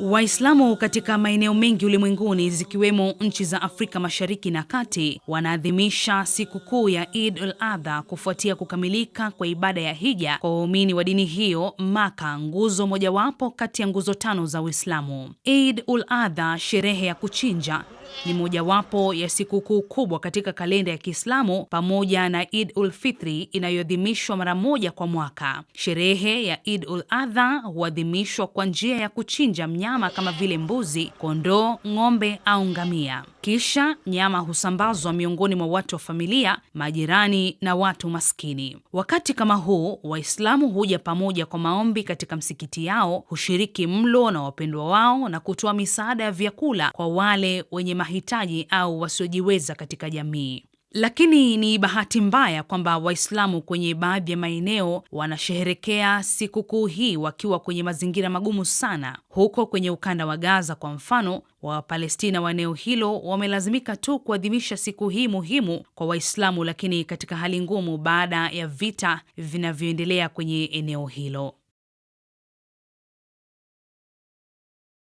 Waislamu katika maeneo mengi ulimwenguni zikiwemo nchi za Afrika Mashariki na Kati wanaadhimisha siku kuu ya Eid al Adha kufuatia kukamilika kwa ibada ya hija kwa waumini wa dini hiyo Maka, nguzo mojawapo kati ya nguzo tano za Uislamu. Eid ul Adha, sherehe ya kuchinja, ni mojawapo ya sikukuu kubwa katika kalenda ya Kiislamu pamoja na Eid ul Fitri inayoadhimishwa mara moja kwa mwaka. Sherehe ya Eid ul Adha huadhimishwa kwa njia ya kuchinja mnyama kama vile mbuzi, kondoo, ng'ombe au ngamia. Kisha nyama husambazwa miongoni mwa watu wa familia, majirani na watu maskini. Wakati kama huu, Waislamu huja pamoja kwa maombi katika msikiti yao, hushiriki mlo na wapendwa wao na kutoa misaada ya vyakula kwa wale wenye mahitaji au wasiojiweza katika jamii. Lakini ni bahati mbaya kwamba Waislamu kwenye baadhi ya maeneo wanasherehekea sikukuu hii wakiwa kwenye mazingira magumu sana. Huko kwenye ukanda wa Gaza kwa mfano, Wapalestina wa eneo hilo wamelazimika tu kuadhimisha siku hii muhimu kwa Waislamu, lakini katika hali ngumu baada ya vita vinavyoendelea kwenye eneo hilo.